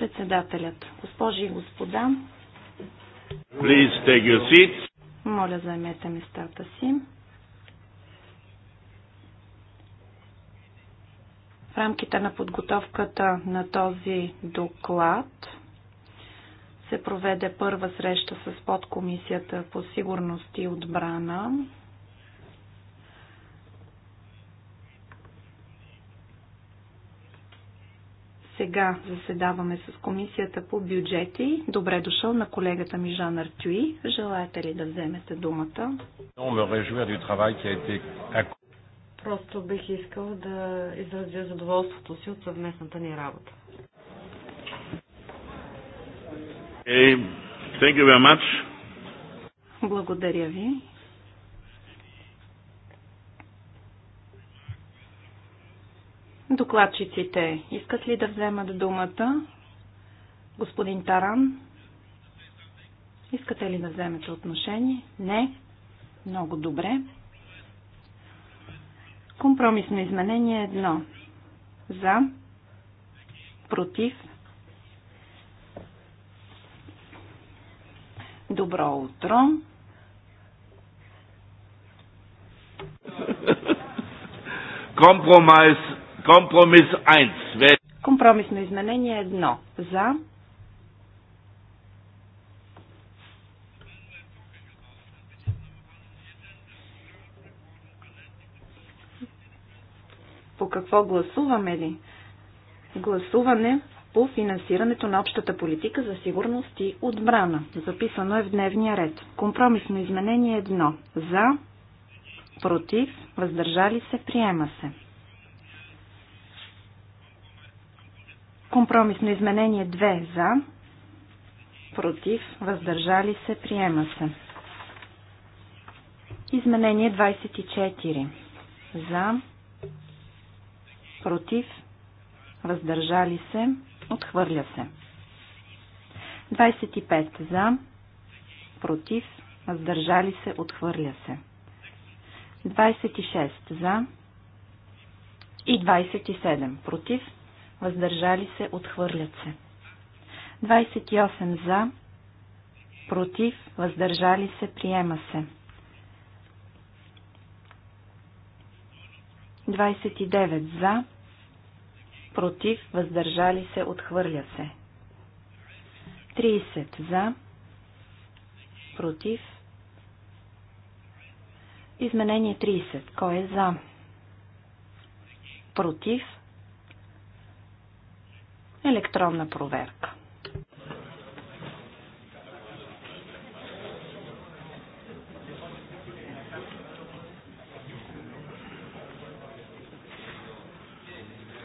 Председателят, госпожи и господа, моля заемете местата си. В рамките на подготовката на този доклад се проведе първа среща с подкомисията по сигурност и отбрана. Сега заседаваме с комисията по бюджети. Добре дошъл на колегата ми Жан Артюи. Желаете ли да вземете думата? Просто бих искал да изразя задоволството си от съвместната ни работа. Okay. Thank you very much. Благодаря ви. Докладчиците искат ли да вземат думата? Господин Таран, искате ли да вземете отношение? Не. Много добре. Компромисно изменение едно. За. Против. Добро утро! Компромис, компромис 1. Компромисно изменение 1. За. По какво гласуваме ли? Гласуване по финансирането на общата политика за сигурност и отбрана. Записано е в дневния ред. Компромисно изменение 1. За, против, въздържали се, приема се. Компромисно изменение 2. За, против, въздържали се, приема се. Изменение 24. За, против, въздържали се, Отхвърля се. 25 за, против, въздържали се, отхвърля се. 26 за и 27 против, въздържали се, отхвърлят се. 28 за, против, въздържали се, приема се. 29 за, против, въздържали се, отхвърля се. 30 за, против. Изменение 30. Кой е за? Против. Електронна проверка.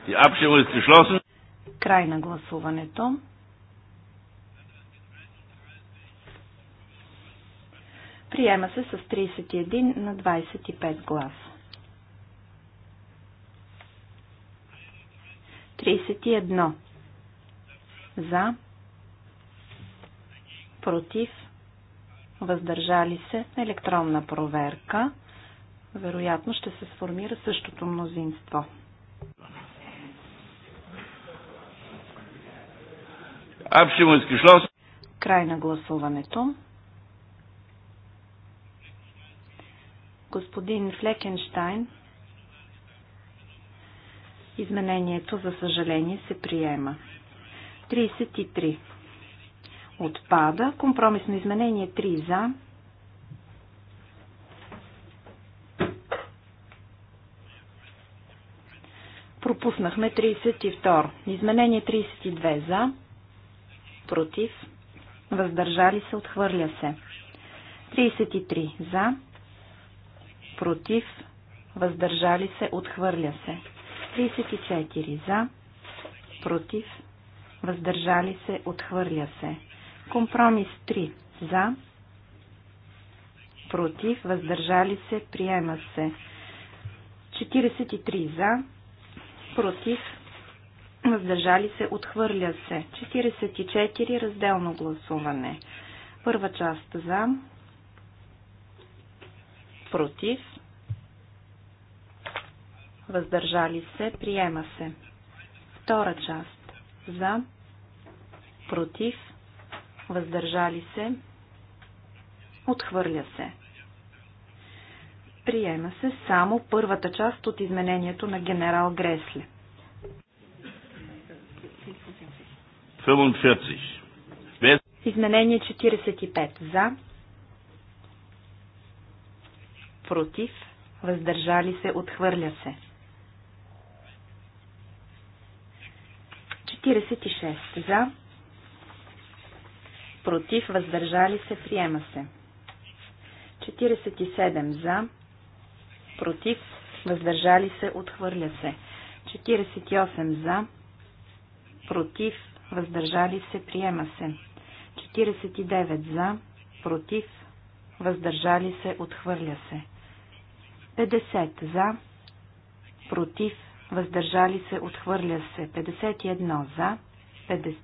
Die Abstimmung ist geschlossen. Край на гласуването. Приема се с 31 на 25 глас. 31. За. Против. Въздържали се. Електронна проверка. Вероятно ще се сформира същото мнозинство. Абсимонски. Край на гласуването. Господин Флекенштайн, изменението за съжаление се приема. 33. Отпада. Компромисно изменение 3 за. Пропуснахме 32. Изменение 32 за против, въздържали се, отхвърля се. 33 за, против, въздържали се, отхвърля се. 34 за, против, въздържали се, отхвърля се. Компромис 3 за, против, въздържали се, приема се. 43 за, против, въздържали се, отхвърля се. 44 разделно гласуване. Първа част за, против, въздържали се, приема се. Втора част за, против, въздържали се, отхвърля се. Приема се само първата част от изменението на генерал Гресле. 45. Изменение 45. За. Против. Въздържали се. Отхвърля се. 46. За. Против. Въздържали се. Приема се. 47. За. Против. Въздържали се. Отхвърля се. 48. За. Против въздържали се, приема се. 49 за, против, въздържали се, отхвърля се. 50 за, против, въздържали се, отхвърля се. 51 за, 50,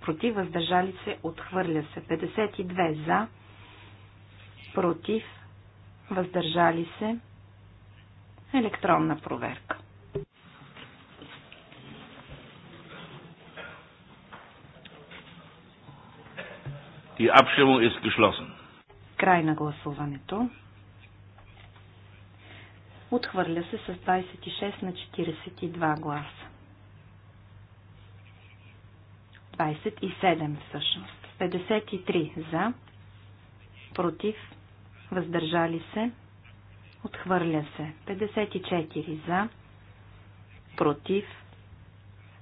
против, въздържали се, отхвърля се. 52 за, против, въздържали се. Електронна проверка. Die Abstimmung ist geschlossen. Край на гласуването. Отхвърля се с 26 на 42 гласа. 27 всъщност. 53 за, против, въздържали се, отхвърля се. 54 за, против,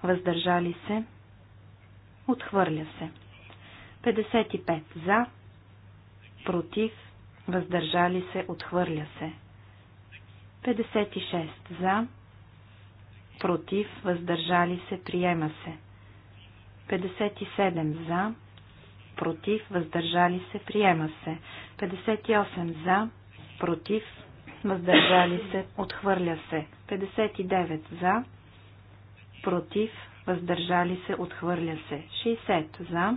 въздържали се, отхвърля се. 55 за, против, въздържали се, отхвърля се. 56 за, против, въздържали се, приема се. 57 за, против, въздържали се, приема се. 58 за, против, въздържали се, отхвърля се. 59 за, против, въздържали се, отхвърля се. 60 за,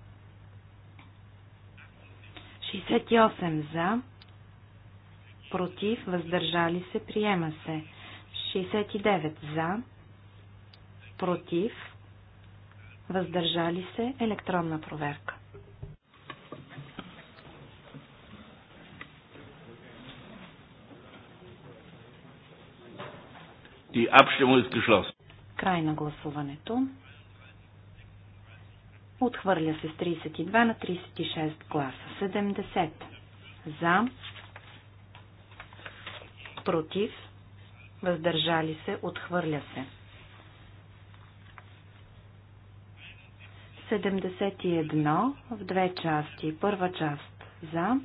68 за, против, въздържали се, приема се. 69 за, против, въздържали се, електронна проверка. Die Abstimmung ist geschlossen. Край на гласуването. Отхвърля се с 32 на 36 гласа. 70 за, против, въздържали се, отхвърля се. 71 в две части. Първа част за,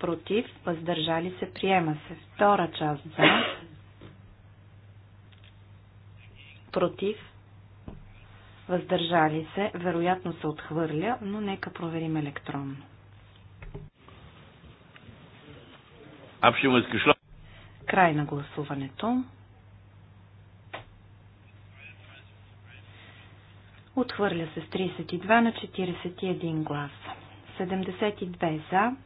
против, въздържали се, приема се. Втора част за, против, въздържали се, вероятно се отхвърля, но нека проверим електронно. Край на гласуването. Отхвърля се с 32 на 41 гласа. 72 за,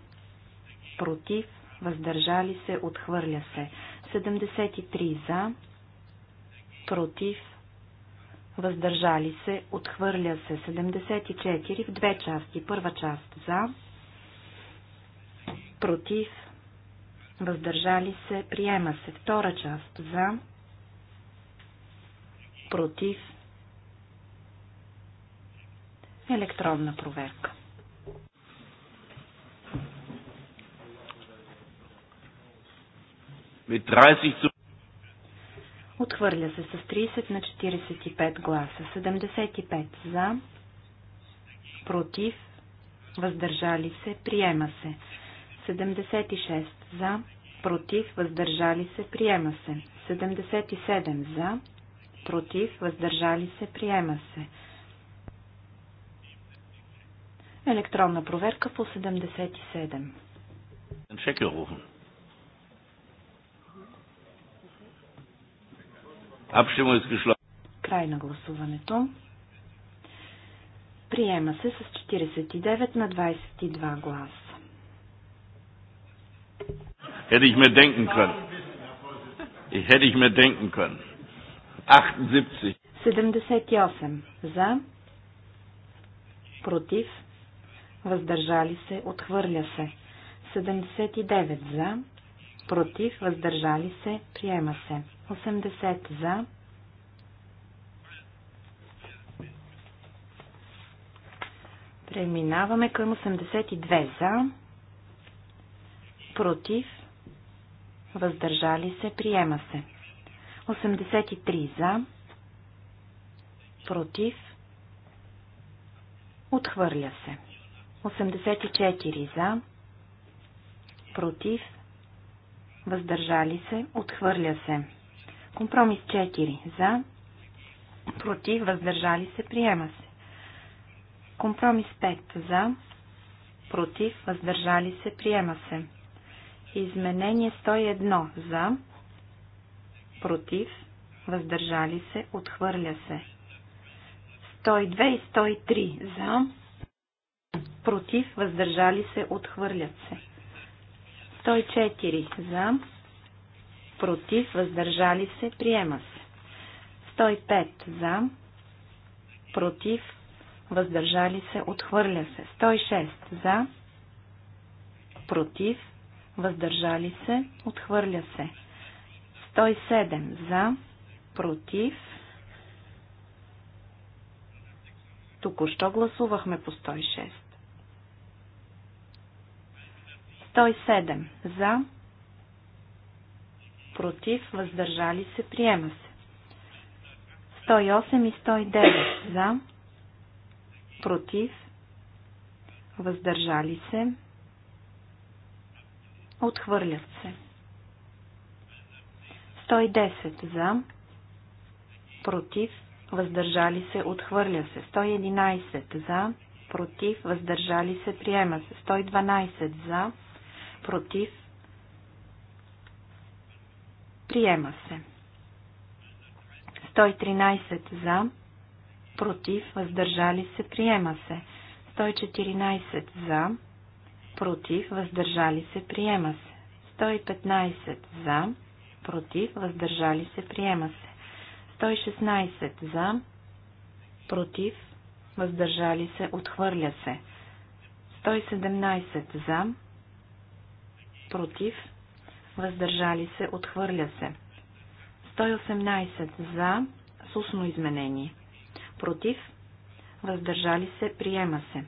против, въздържали се, отхвърля се. 73 за, против, въздържали се, отхвърля се 74 в две части. Първа част за, против, въздържали се, приема се. Втора част за, против, електронна проверка. Mit 30 zu Отхвърля се с 30 на 45 гласа. 75 за, против, въздържали се, приема се. 76 за, против, въздържали се, приема се. 77 за, против, въздържали се, приема се. Електронна проверка по 77. Край на гласуването. Приема се с 49 на 22 гласа. Hätte их ме денкен кън. Ich hätte ich mir denken 78. 78. За. Против. Въздържали се. Отхвърля се. 79. За. Против. Въздържали се. Приема се. 80 за. Преминаваме към 82 за. Против. Въздържали се. Приема се. 83 за. Против. Отхвърля се. 84 за. Против. Въздържали се. Отхвърля се. Компромис 4. За. Против. Въздържали се. Приема се. Компромис 5. За. Против. Въздържали се. Приема се. Изменение 101. За. Против. Въздържали се. Отхвърля се. 102 и 103. За. Против. Въздържали се. Отхвърлят се. 104. За против, въздържали се, приема се. 105 за, против, въздържали се, отхвърля се. 106 за, против, въздържали се, отхвърля се. 107 за, против. Току-що гласувахме по 106. 107 за, против, въздържали се, приема се. 108 и 109 за, против, въздържали се, отхвърлят се. 110 за, против, въздържали се, отхвърля се. 111 за, против, въздържали се, приема се. 112 за, против, Приема се. 113 за, против, въздържали се, приема се. 114 за, против, въздържали се, приема се. 115 за, против, въздържали се, приема се. 116 за, против, въздържали се, отхвърля се. 117 за, против, въздържали се, отхвърля се. 118 за, с устно изменение. Против, въздържали се, приема се.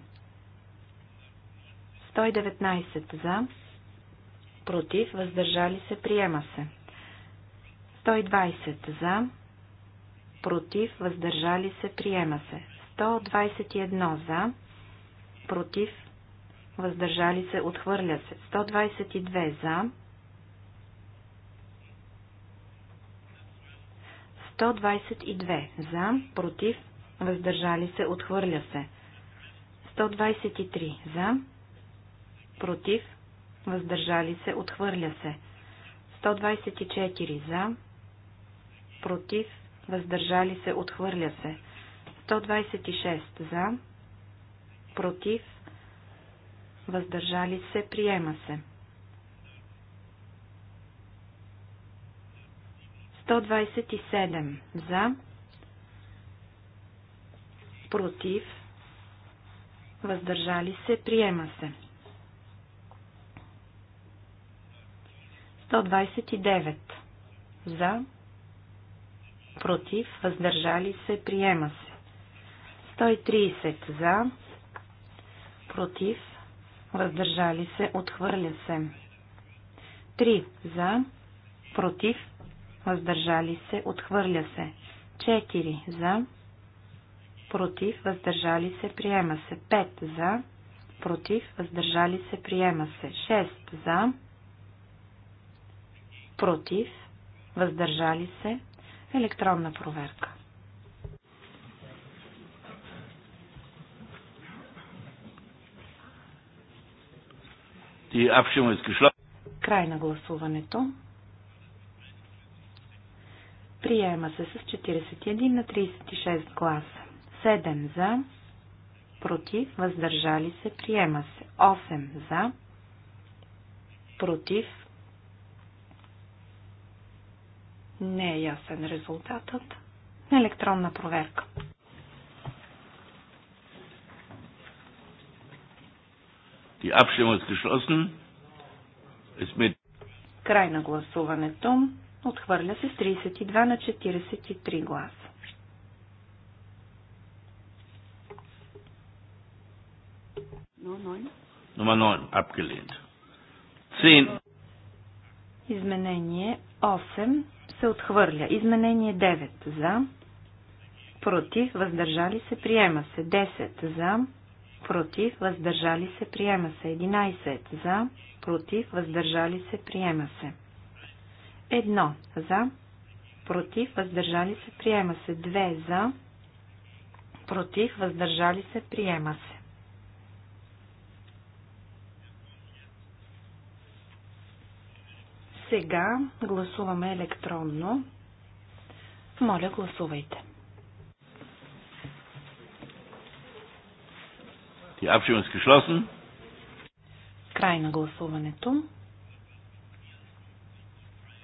119 за, против, въздържали се, приема се. 120 за, против, въздържали се, приема се. 121 за, против, въздържали се, отхвърля се. 122 за, 122 за, против, въздържали се, отхвърля се. 123 за, против, въздържали се, отхвърля се. 124 за, против, въздържали се, отхвърля се. 126 за, против, въздържали се, приема се. 127 за, против, въздържали се, приема се. 129 за, против, въздържали се, приема се. 130 за, против, въздържали се, отхвърля се. 3 за, против, въздържали се, отхвърля се. 4 за, против, въздържали се, приема се. 5 за, против, въздържали се, приема се. 6 за, против, въздържали се, електронна проверка. Край на гласуването. Приема се с 41 на 36 гласа. 7 за, против, въздържали се, приема се. 8 за, против, не е ясен резултатът. Електронна проверка. Die Край на гласуването. Отхвърля се с 32 на 43 гласа. Номер 9. Abgelehnt. Изменение 8 се отхвърля. Изменение 9 за. Против. Въздържали се. Приема се. 10 за. Против. Въздържали се. Приема се. 11 за. Против. Въздържали се. Приема се. Едно за, против, въздържали се, приема се. Две за, против, въздържали се, приема се. Сега гласуваме електронно. Моля, гласувайте. Die Abstimmung ist geschlossen. Край на гласуването.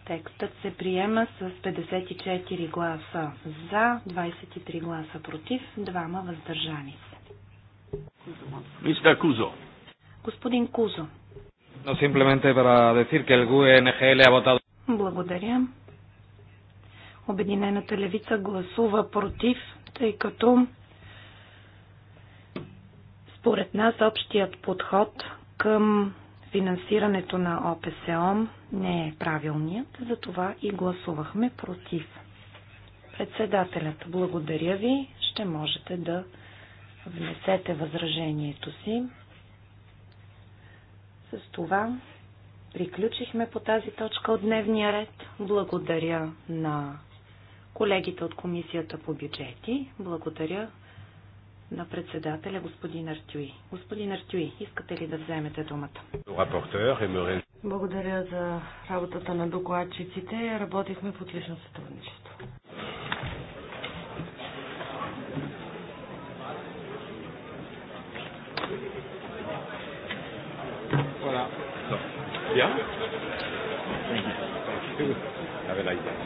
Текстът се приема с 54 гласа за, 23 гласа против, 2 въздържани се. Мистер Кузо. Господин Кузо. No simplemente para decir que el GUE ha votado. Благодаря. Обединената левица гласува против, тъй като според нас общият подход към финансирането на ОПСОМ не е правилният, затова и гласувахме против. Председателят, благодаря ви, ще можете да внесете възражението си. С това приключихме по тази точка от дневния ред. Благодаря на колегите от Комисията по бюджети. Благодаря на председателя господин Артюи. Господин Артюи, искате ли да вземете думата? Благодаря за работата на докладчиците. Работихме в отлично сътрудничество. Voilà. Bien Have a nice